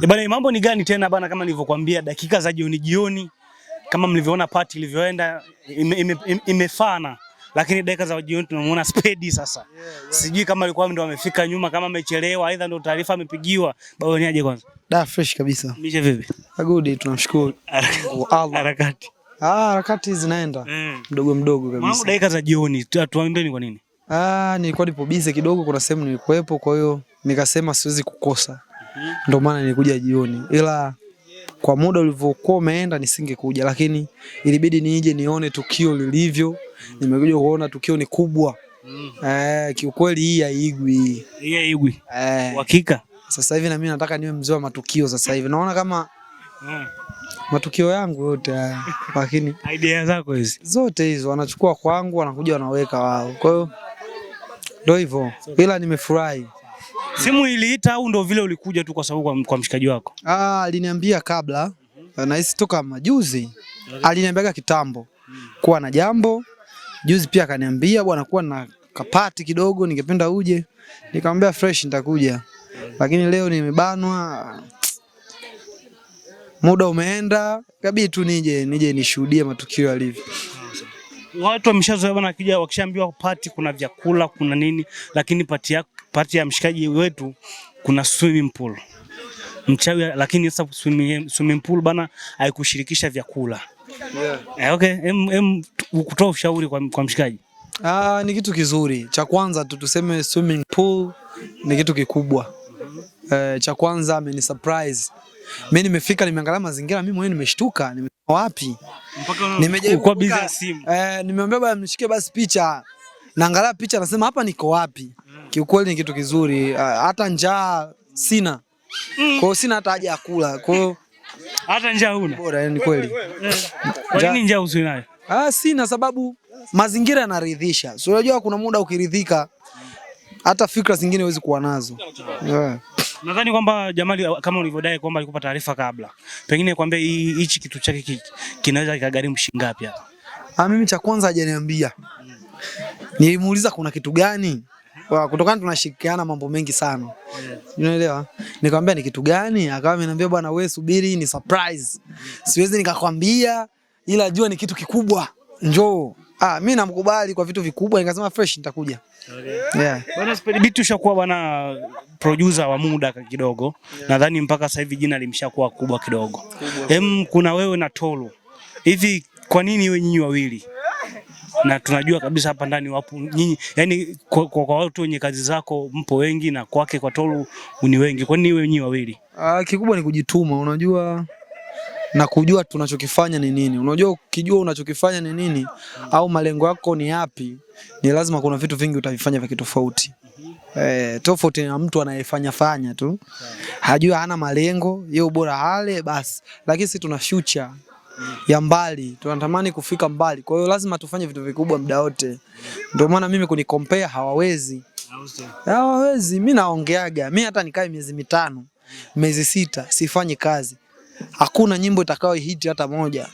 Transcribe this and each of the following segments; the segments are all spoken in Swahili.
E eh, bana, mambo ni gani tena bana? Kama nilivyokuambia dakika za jioni jioni, kama mlivyoona party ilivyoenda imefana ime, ime, lakini dakika za jioni tunamuona Spedi sasa. Yeah, yeah. Sijui kama alikuwa ndo amefika nyuma kama amechelewa aidha ndo taarifa amepigiwa. Baba ni aje kwanza? Da fresh kabisa. Mishe vipi? Good, tunamshukuru. Oh, harakati. Ah, harakati zinaenda. Mm. Mdogo mdogo kabisa. Mambo dakika za jioni tuambie ni kwa nini? Ah, nilikuwa nipo busy kidogo, kuna sehemu nilikuwepo, kwa hiyo nikasema siwezi kukosa. Ndio maana nilikuja jioni, ila kwa muda ulivyokuwa umeenda nisingekuja, lakini ilibidi nije nione tukio lilivyo. Nimekuja kuona tukio ni kubwa mm-hmm. Eh, kiukweli hii haigwi, hii haigwi eh. Hakika sasa hivi na mimi nataka niwe mzee wa matukio. Sasa hivi naona kama eh. matukio yangu yote lakini idea zako hizi zote hizo wanachukua kwangu, wanakuja wanaweka wao, kwa hiyo ndio hivyo, ila nimefurahi. Simu iliita au ndo vile ulikuja tu kwa sababu kwa, kwa mshikaji wako? Ah, aliniambia kabla eh, nahisi toka majuzi, aliniambiaga kitambo kuwa na jambo. Juzi pia akaniambia bwana, kuwa na kapati kidogo, ningependa uje. Nikamwambia fresh, nitakuja, lakini leo nimebanwa, muda umeenda, kabidi tu nije nije nishuhudie matukio yalivyo watu wameshazoea bwana, akija wakishaambiwa pati kuna vyakula kuna nini, lakini pati ya, pati ya mshikaji wetu kuna swimming pool mchawi, lakini sasa swimming, swimming pool bana haikushirikisha vyakula yeah. Eh, okay, em kutoa ushauri kwa, kwa mshikaji ah, ni kitu kizuri cha kwanza tu tuseme swimming pool ni kitu kikubwa eh, cha kwanza ameni surprise mimi nimefika, nimeangalia mazingira mimi mwenyewe nimeshtuka, nime wapi nimeambia eh, bwana mshike basi picha, naangalia picha nasema hapa niko wapi? Mm. Kiukweli ni kitu kizuri, ah, hata njaa sina, mm. kwa sina hata haja ya kula, kwa hata njaa huna. Bora ni kweli. Mm. Kwa nini njaa usio nayo? Ah, sina sababu mazingira yanaridhisha. So unajua kuna muda ukiridhika hata fikra zingine huwezi kuwa nazo. Yeah. Nadhani kwamba Jamali kama ulivyodai kwamba alikupa taarifa kabla, pengine kwambie hichi kitu chake kinaweza kikagharimu shilingi ngapi hapa? Ah, mimi cha kwanza hajaniambia. Nilimuuliza kuna kitu gani? Kwa kutokana tunashirikiana mambo mengi sana. yes. Unaelewa? Nikamwambia ni kitu gani? Akawa ameniambia bwana, wewe subiri, ni surprise. Siwezi nikakwambia, ila jua ni kitu kikubwa. Njoo. Ah, mimi namkubali kwa vitu vikubwa, nikasema fresh nitakuja. Okay. Yeah. Bwana Spedi bwana producer wa muda kidogo. Yeah. Nadhani mpaka sasa hivi jina limshakuwa kubwa kidogo. Hem, kuna wewe na Tolu. Hivi kwa nini wewe nyinyi wawili? Na tunajua kabisa hapa ndani wapo nyinyi, yani kwa, kwa, kwa watu wenye kazi zako mpo wengi na kwake kwa Tolu ni wengi. Kwa nini wewe nyinyi wawili? Ah, kikubwa ni kujituma, unajua na kujua tunachokifanya ni nini. Unajua, ukijua unachokifanya ni nini au malengo yako ni yapi, ni lazima kuna vitu vingi utavifanya vya kitofauti. eh, tofauti na mtu anayefanya fanya tu hajua, hana malengo, yeye bora hale basi, lakini sisi tuna future ya mbali, tunatamani kufika mbali. Kwa hiyo lazima tufanye vitu vikubwa muda wote. Ndio maana mimi kuni compare hawawezi, hawawezi. Mimi naongeaga mimi hata nikae miezi mitano miezi sita sifanyi kazi hakuna nyimbo itakayo hiti hata moja,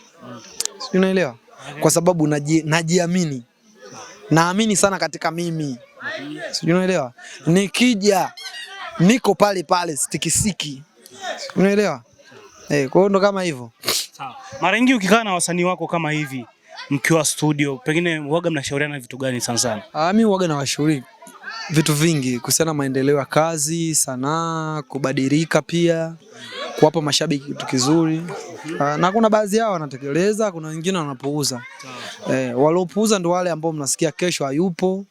sijui unaelewa, kwa sababu naji, najiamini naamini sana katika mimi, sijui unaelewa. Nikija niko pale pale stikisiki, unaelewa eh, kwa hiyo ndo kama hivyo. Sawa. Mara nyingi ukikaa na wasanii wako kama hivi mkiwa studio, pengine uwaga mnashauriana vitu gani sana sana? Ah, mimi uwaga na washauri vitu vingi kuhusiana maendeleo ya kazi, sanaa, kubadilika pia kuwapa mashabiki kitu kizuri mhm. ah, na kuna baadhi yao wanatekeleza, kuna wengine wanapuuza. Eh, waliopuuza ndio wale ambao mnasikia kesho hayupo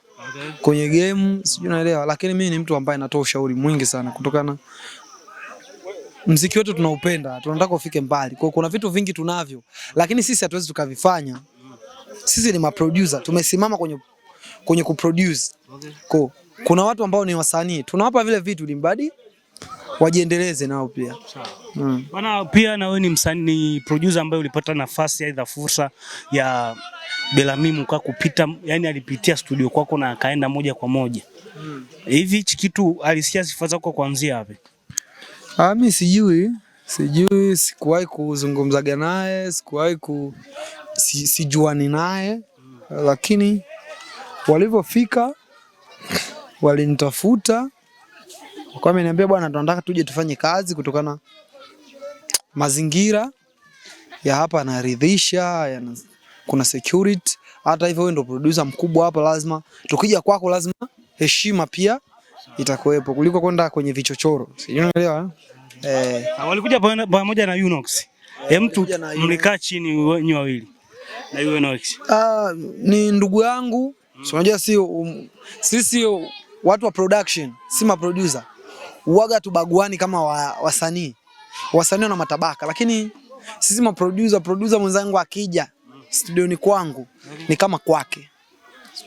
kwenye game, sijui naelewa, lakini mimi ni mtu ambaye natoa ushauri mwingi sana kutokana mziki wetu tunaupenda, tunataka ufike mbali. Kwa kuna vitu vingi tunavyo, lakini sisi hatuwezi tukavifanya. Sisi ni maproducer, tumesimama kwenye kwenye kuproduce. Kwa kuna watu ambao ni wasanii tunawapa vile vitu limbadi wajiendeleze nao pia bana. Hmm. pia na wewe ni msanii producer ambaye ulipata nafasi aidha fursa ya Belami kwa kupita, yani alipitia studio kwako na akaenda moja kwa moja hmm. hivi hmm. Hichi kitu alisikia sifa zako kuanzia wapi? Ah, mimi sijui, sijui, sikuwahi kuzungumzaga naye, sikuwahi ku si, sijuani naye Lakini walivyofika walinitafuta kwa ameniambia bwana, tunataka tuje tufanye kazi kutokana mazingira ya hapa yanaridhisha, yana, kuna security. Hata hivyo wewe ndio producer mkubwa hapa, lazima tukija kwako lazima heshima pia itakuwepo kuliko kwenda kwenye vichochoro, sijui unaelewa eh. eh. Ah, walikuja pamoja na Unox eh, mtu mlikaa chini nyinyi wawili na Unox. Ah, ni ndugu yangu, unajua si sisi watu wa production, si ma producer uwaga tubaguani kama wa wasanii wana matabaka, lakini sisi ma producer producer mwenzangu akija studioni kwangu ni kama kwake,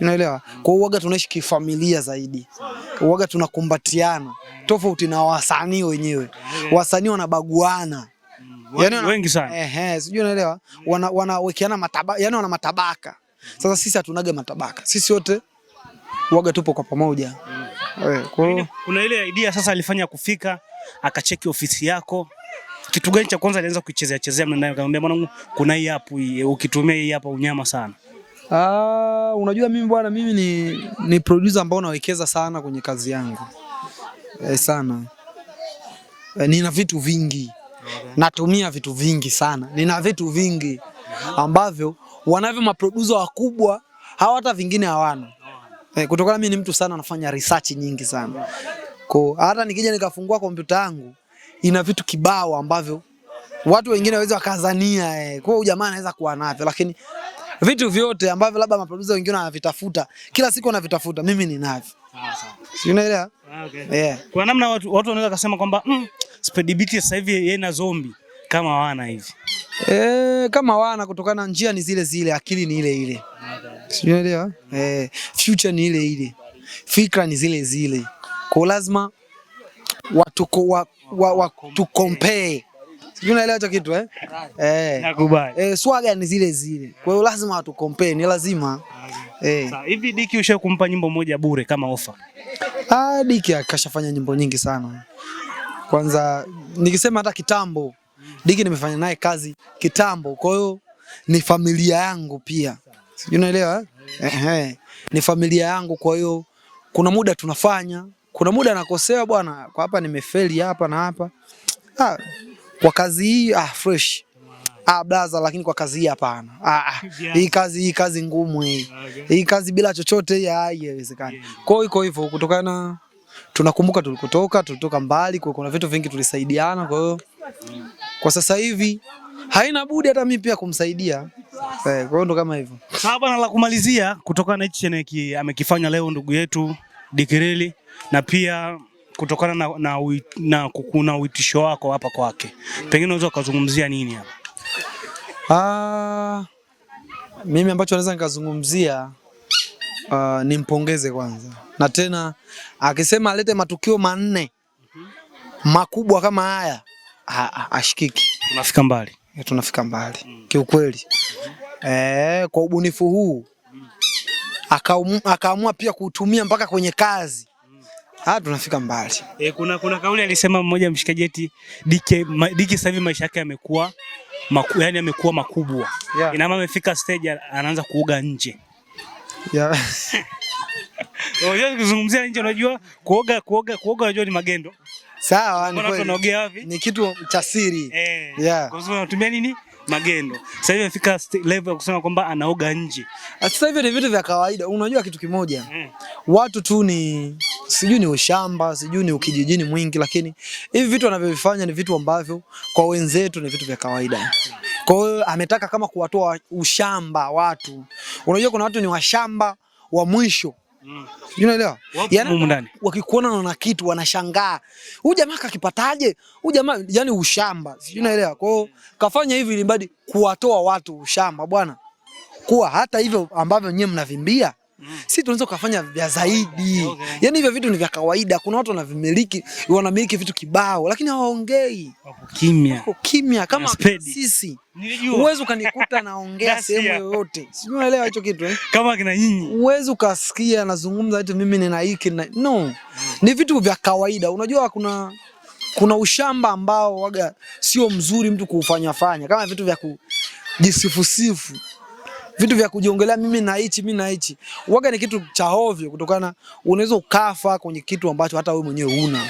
unaelewa? Kwa hiyo uwaga tunaishi kifamilia zaidi, uwaga tunakumbatiana tofauti na wasanii wenyewe. Wasanii wanabaguana mm, yani wana, wengi sana eh, sijui unaelewa, wanawekeana wana matabaka, yani wana matabaka. Sasa sisi hatunage matabaka, sisi wote uwaga tupo kwa pamoja. Eh, yaani kuna, ile idea sasa alifanya kufika akacheki ofisi yako, kitu gani cha kwanza alianza kuchezea chezea mimi akamwambia mwanangu, kuna hii hapo, eh, ukitumia hii hapa unyama sana. Ah, unajua mimi bwana, mimi ni, ni producer ambao nawekeza sana kwenye kazi yangu eh, sana eh, nina vitu vingi okay. Natumia vitu vingi sana, nina vitu vingi ambavyo wanavyo maproducer wakubwa hawa, hata vingine hawana Eh, kutokana mimi ni mtu sana nafanya research nyingi sana. Kwa hata nikija nikafungua kompyuta yangu ina vitu kibao ambavyo watu wengine waweza wakazania eh. Kwa hiyo jamaa anaweza kuwa navyo lakini vitu vyote ambavyo labda maproducer wengine wanavitafuta kila siku wanavitafuta, mimi ninavyo. sawa. unaelewa? Ah, okay. Yeah. Kwa namna watu, watu wanaweza kusema kwamba mm, Speed Beat sasa hivi yeye na zombie kama wana hivi. Eh, kama wana kutokana njia ni zile zile, akili ni ile ile. Sijuelewa? Eh, future ni ile ile, fikra ni zile zile, kwa lazima watu wa, wa, wa, tu compare Unaelewa hicho kitu eh? Eh. Nakubali. Eh, swaga ni zile zile. Kwa hiyo lazima watu compare, ni lazima. Eh. Sasa hivi Diki ushakumpa nyimbo moja bure kama ofa? Ah, Diki akashafanya nyimbo nyingi sana. Kwanza nikisema hata kitambo Diki nimefanya naye kazi kitambo, kwa hiyo ni familia yangu pia unaelewa eh? Eh, Ni familia yangu, kwa hiyo kuna muda tunafanya, kuna muda nakosewa bwana, kwa hapa nimefeli hapa na hapa ah, kwa kazi hii ah, fresh ah, blaza, lakini kwa kazi hii hapana. Ah, ah hii kazi hii kazi ngumu hii hii kazi bila chochote hii haiwezekani. Kwa hiyo iko hivyo, kutokana tunakumbuka tulikotoka, tulitoka mbali, kwa kuna vitu vingi tulisaidiana. Kwa hiyo kwa sasa hivi haina budi hata mimi pia kumsaidia Eh, kwa ndo kama hivyo. Sawa bwana, la kumalizia kutokana na hichi chenye amekifanya leo ndugu yetu dikireli na pia kutokana na, na, na, na uitisho wako hapa kwake, pengine unaweza ukazungumzia nini hapa? Ah, mimi ambacho naweza nikazungumzia uh, nimpongeze kwanza, na tena akisema alete matukio manne makubwa kama haya, ashikiki, tunafika mbali, tunafika mbali kiukweli eh, kwa ubunifu huu akaamua pia kuutumia mpaka kwenye kazi Ah, tunafika mbali. E, kuna, kuna kauli alisema mmoja mshikaji eti ma, DK sasa hivi maisha yake yamekuwa maku, yani yamekuwa makubwa. Yeah. Ina maana amefika stage anaanza kuoga nje. Yeah. Unajua kuzungumzia nje unajua kuoga kuoga kuoga unajua ni magendo. Sawa, ni kweli. Ni kitu cha siri. Eh. Yeah. Kwa sababu unatumia nini? magendo. Sasa hivi afika level ya kusema kwamba anaoga nje. Sasa hivi ni vitu vya kawaida. Unajua kitu kimoja mm. watu tu ni sijui ni ushamba, sijui ni ukijijini mwingi, lakini hivi vitu anavyovifanya ni vitu ambavyo kwa wenzetu ni vitu vya kawaida. Kwa hiyo ametaka kama kuwatoa ushamba watu. Unajua kuna watu ni washamba wa mwisho Mm. Unaelewa? Yaani wakikuona na kitu wanashangaa. Huyu jamaa kakipataje? Huyu jamaa yani ushamba. Sijui unaelewa. Kwa hiyo kafanya hivi ili mbadi kuwatoa watu ushamba bwana. Kuwa hata hivyo ambavyo nyinyi mnavimbia Mm. Sisi tunaweza kufanya vya zaidi. Okay, Yaani hivyo vitu ni vya kawaida. Kuna watu wanavimiliki, wanamiliki vitu kibao lakini hawaongei. Wako kimya. Wako kimya kama sisi. Nilijua. Uwezo kanikuta naongea sehemu yoyote. Sijui unaelewa hicho kitu eh? Kama kina nyinyi. Uwezo kasikia nazungumza eti mimi nina hiki na no. Mm. Ni vitu vya kawaida. Unajua kuna kuna ushamba ambao waga sio mzuri mtu kuufanya fanya kama vitu vya kujisifusifu vitu vya kujiongelea mimi na hichi mimi na hichi, waga ni kitu cha ovyo, kutokana unaweza ukafa kwenye kitu ambacho hata wewe mwenyewe una,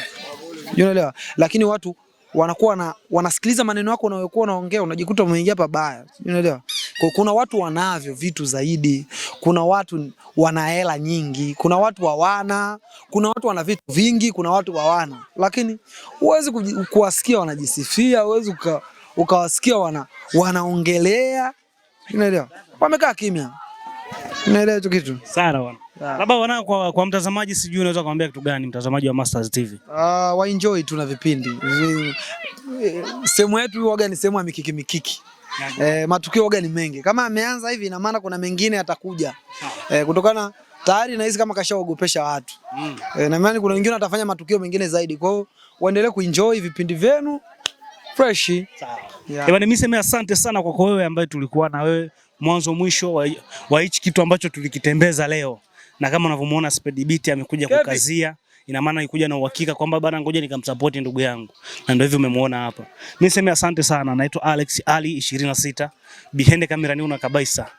unaelewa. Lakini watu wanakuwa na wanasikiliza maneno yako unayokuwa unaongea, unajikuta umeingia pabaya, unaelewa. Kwa kuna watu wanavyo vitu zaidi, kuna watu wana hela nyingi, kuna watu hawana, kuna watu wana vitu vingi, kuna watu hawana, lakini huwezi kuwasikia wanajisifia, huwezi ukawasikia wana wanaongelea, unaelewa wamekaa kimya. Unaelewa hicho kitu? Sana bwana. Labda bwana kwa, kwa mtazamaji sijui unaweza kumwambia kitu gani mtazamaji wa Mastaz TV? Ah, wa enjoy tu na vipindi. Eh, sehemu yetu waga ni sehemu ya mikiki mikiki. Yaani. Eh, matukio waga ni mengi. Kama ameanza hivi ina maana kuna mengine yatakuja. Eh, kutokana tayari nahisi kama kashaogopesha watu. Mm. Eh, na maana kuna wengine watafanya matukio mengine zaidi. Kwa hiyo uendelee kuenjoy vipindi vyenu fresh. Sawa. Yeah. Mimi sema asante sana kwa kwa wewe ambaye tulikuwa na wewe mwanzo mwisho wa, wa hichi kitu ambacho tulikitembeza leo, na kama unavyomuona Speed Beat amekuja kukazia, ina maana ikuja na uhakika kwamba bana, ngoja nikamsupport ndugu yangu, na ndio hivyo umemuona hapa. Mimi sema asante sana, naitwa Alex Ali 26 bihende kamera ni una kabisa